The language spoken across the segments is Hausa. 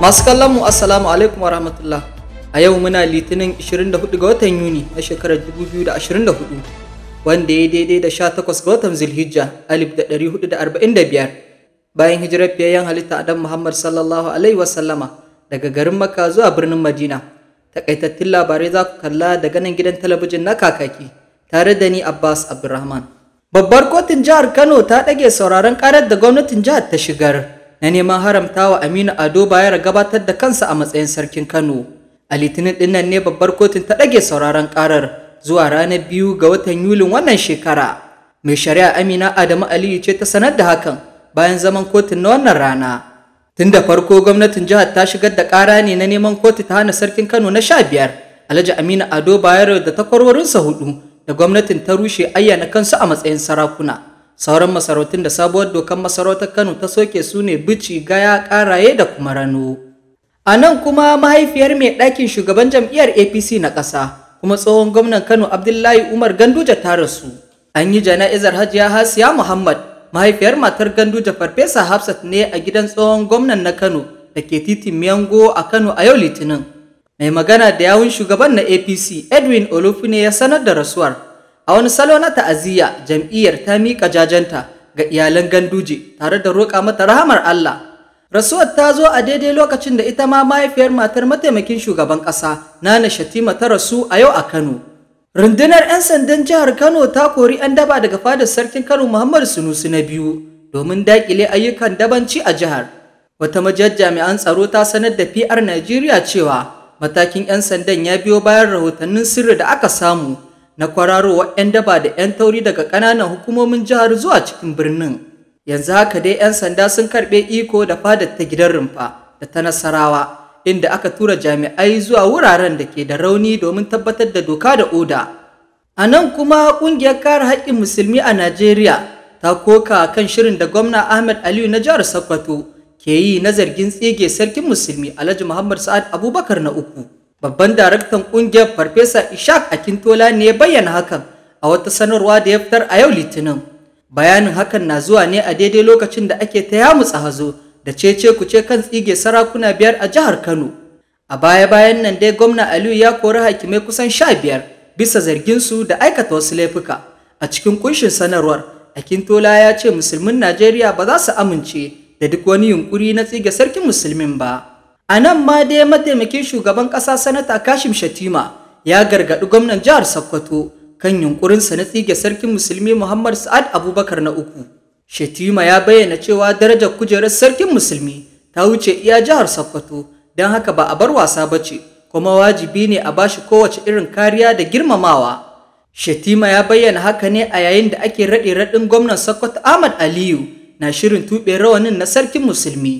Masu kallon mu assalamu alaikum warahmatullah. A yau muna litinin 24 ga watan Yuni na shekarar 2024 wanda ya daidai da 18 ga watan Zulhijja 1445 bayan hijirar fiyayyen halitta Adam Muhammad sallallahu alaihi wasallama daga garin Makka zuwa birnin Madina. Takaitattun labarai za ku kalla daga nan gidan talabijin na kakaki tare da ni Abbas Abdulrahman. Babbar kotun jihar Kano ta ɗage sauraron ƙarar da gwamnatin jihar ta shigar. na neman haramtawa Aminu Ado Bayero gabatar da kansa a matsayin sarkin Kano. A Litinin nan ne babbar kotun ta ɗage sauraron karar, zuwa ranar biyu ga watan Yulin wannan shekara. Mai shari'a Amina Adamu Aliyu ce ta sanar da hakan bayan zaman kotun na wannan rana. Tun da farko gwamnatin jihar ta shigar da ƙara ne na neman kotu ta hana sarkin Kano na sha biyar Alhaji Aminu Ado Bayero da takwarorinsa hudu da gwamnatin ta rushe ayyana kansu a matsayin sarakuna. sauran masarautun da sabuwar dokan masarautar kano ta soke su ne bici gaya karaye da kuma rano a nan kuma mahaifiyar mai ɗakin shugaban jam'iyyar apc na ƙasa kuma tsohon gwamnan kano abdullahi umar ganduja ta rasu an yi jana'izar hajiya hasiya muhammad mahaifiyar matar ganduja farfesa hafsat ne a gidan tsohon gwamnan na kano da ke titin miyango a kano a yau litinin mai magana da yawun shugaban na apc edwin ne ya sanar da rasuwar A wani salo na ta'aziyya jam'iyyar ta miƙa jajanta ga iyalan ganduje tare da roƙa mata rahamar Allah. Rasuwar ta zo a daidai lokacin da ita ma mahaifiyar matar mataimakin shugaban ƙasa Nana Shatima ta rasu a yau a Kano. Rundunar 'yan sandan jihar Kano ta kori 'yan daba daga fadar sarkin Kano Muhammadu Sunusi na biyu domin daƙile ayyukan dabanci a jihar. Wata majiyar jami'an tsaro ta sanar da PR Najeriya cewa matakin 'yan sandan ya biyo bayan rahotannin sirri da aka samu na kwararowa 'yan daba da 'yan tauri daga ƙananan hukumomin jihar zuwa cikin birnin. Yanzu haka dai 'yan sanda sun karɓe iko da fada ta gidan rumfa da ta Nasarawa, inda aka tura jami'ai zuwa wuraren da ke da rauni domin tabbatar da doka da oda. A nan kuma ƙungiyar kare haƙƙin musulmi a Najeriya ta koka kan shirin da gwamna Ahmed Aliyu na jihar Sokoto ke yi na zargin tsige sarkin musulmi Alhaji Muhammad Sa'ad Abubakar na uku. Babban daraktan ƙungiyar Farfesa Ishaq Akintola ne ya bayyana hakan a wata sanarwa da ya fitar a yau Litinin. Bayanin hakan na zuwa ne a daidai lokacin da ake ta yamutsa hazo da cece kuce kan tsige sarakuna biyar a jihar Kano. A baya-bayan nan dai gwamna Aliyu ya kori hakimai kusan sha biyar bisa zarginsu da aikata wasu laifuka. A cikin kunshin sanarwar, Akintola ya ce musulmin Najeriya ba za su amince da duk wani yunkuri na tsige sarkin musulmin ba. a nan ma dai mataimakin shugaban ƙasa sanata kashim shatima ya gargaɗi gwamnan jihar sokoto kan yunƙurinsa na tsige sarkin musulmi muhammad sa'ad abubakar na uku shatima ya bayyana cewa darajar kujerar sarkin musulmi ta wuce iya jihar sokoto don haka ba a bar wasa ba ce kuma wajibi ne a bashi kowace irin kariya da girmamawa shatima ya bayyana haka ne a yayin da ake raɗe raɗin gwamnan sokoto ahmad aliyu na shirin tuɓe rawanin na sarkin musulmi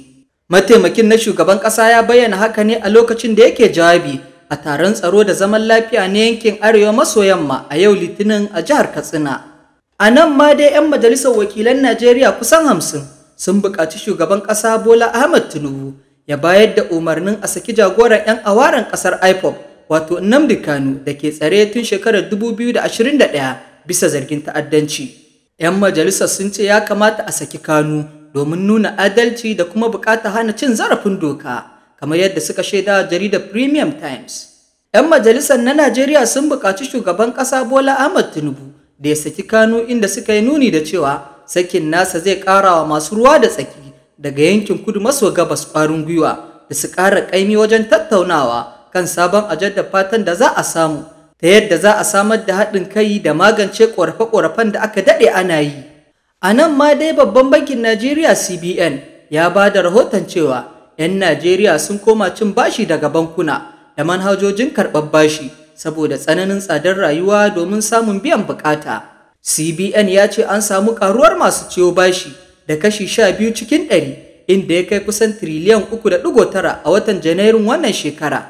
Mataimakin na shugaban ƙasa ya bayyana haka ne a lokacin da yake jawabi a taron tsaro da zaman lafiya na yankin Arewa maso yamma a yau Litinin a jihar Katsina. A nan ma dai 'yan majalisar wakilan Najeriya kusan hamsin sun buƙaci shugaban ƙasa Bola Ahmed Tinubu ya bayar da umarnin a saki jagoran 'yan awaren ƙasar IPOP wato Nnamdi Kanu da ke tsare tun shekarar 2021 bisa zargin ta'addanci. 'Yan majalisar sun ce ya kamata a saki Kanu domin nuna adalci da kuma bukata hana cin zarafin doka kamar yadda suka shaida jaridar premium times 'yan majalisar na najeriya sun buƙaci shugaban ƙasa bola ahmad tinubu da ya saki kano inda suka yi nuni da cewa sakin nasa zai ƙara wa masu ruwa da tsaki daga yankin kudu maso gabas ƙwarin gwiwa da su ƙara ƙaimi wajen tattaunawa kan sabon ajandar fatan da za a samu ta yadda za a samar da haɗin kai da magance ƙorafe-ƙorafen da aka daɗe ana yi A nan ma dai babban bankin Najeriya CBN ya ba da rahoton cewa 'yan Najeriya sun koma cin bashi daga bankuna da manhajojin karɓar bashi saboda tsananin tsadar rayuwa domin samun biyan bukata. CBN ya ce an samu karuwar masu ciwo bashi da kashi 12 cikin ɗari inda ya kai kusan tiriliyan 3.9 a watan Janairun wannan shekara.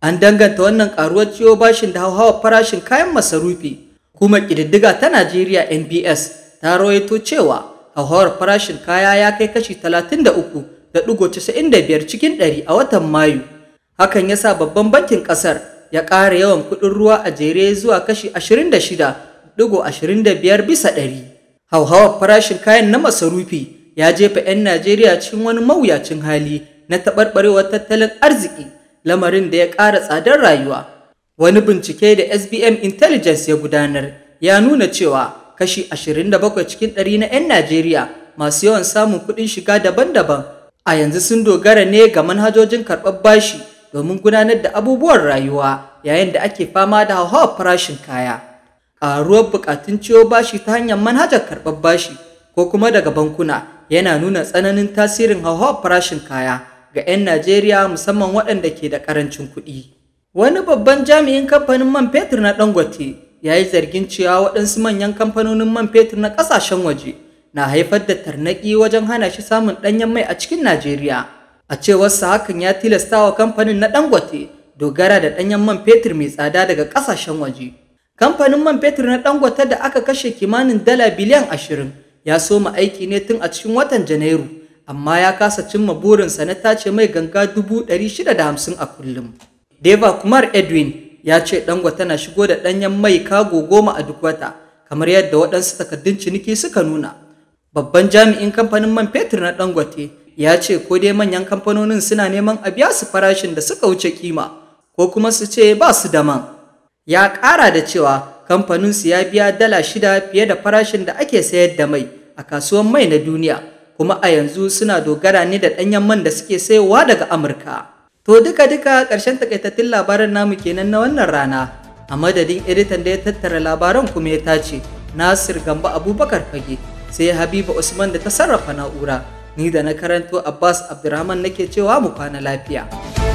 An danganta wannan karuwar ciwo bashin da hauhawar farashin kayan masarufi kuma ƙididdiga ta Najeriya NBS ta rawaito cewa hauhawar farashin kaya ya kai kashi 33.95 cikin 100 a watan Mayu. Hakan ya sa babban bankin ƙasar ya ƙara yawan kuɗin ruwa a jere zuwa kashi 26.25 bisa ɗari. Hauhawar farashin kayan na masarufi ya jefa 'yan Najeriya cikin wani mawuyacin hali na taɓarɓarewar tattalin arziki lamarin da ya ƙara tsadar rayuwa. Wani bincike da SBM Intelligence ya gudanar ya nuna cewa kashi 27 cikin ɗari na 'yan Najeriya masu yawan samun kuɗin shiga daban-daban a yanzu sun dogara ne ga manhajojin karɓar bashi domin gudanar da abubuwan rayuwa yayin da ake fama da hauhawar farashin kaya. Ƙaruwar buƙatun ciwo bashi ta hanyar manhajar karɓar bashi ko kuma daga bankuna yana nuna tsananin tasirin hauhawar farashin kaya ga 'yan Najeriya musamman waɗanda ke da ƙarancin kuɗi. Wani babban jami'in kamfanin man fetur na Dangote ya yi zargin cewa waɗansu manyan kamfanonin man fetur na ƙasashen waje na haifar da tarnaƙi wajen hana shi samun ɗanyen mai a cikin Najeriya. A cewarsa hakan ya tilasta wa kamfanin na Dangote dogara da ɗanyen man fetur mai tsada daga ƙasashen waje. Kamfanin man fetur na Dangote da aka kashe kimanin dala biliyan ashirin ya soma aiki ne tun a cikin watan Janairu, amma ya kasa cimma burinsa na tace mai ganga dubu ɗari shida da hamsin a kullum. Deva Kumar Edwin ya ce dangote na shigo da ɗanyen mai kago goma a duk wata kamar yadda waɗansu takardun ciniki suka nuna babban jami'in kamfanin man fetur na dangote ya ce ko dai manyan kamfanonin suna neman a biya su farashin da suka wuce kima ko kuma su ce ba su da man ya ƙara da cewa kamfanin su ya biya dala shida fiye da farashin da ake sayar da mai a kasuwan mai na duniya kuma a yanzu suna dogara ne da ɗanyen man da suke sayowa daga amurka To duka-duka ƙarshen takaitattun labaran namu kenan na wannan rana, a madadin editan da ya tattara labaran kuma ya tace Nasir Gamba Abubakar Fage, sai Habiba Usman da ta sarrafa na'ura, ni da na karanto Abbas Abdurrahman nake cewa mu kwana lafiya.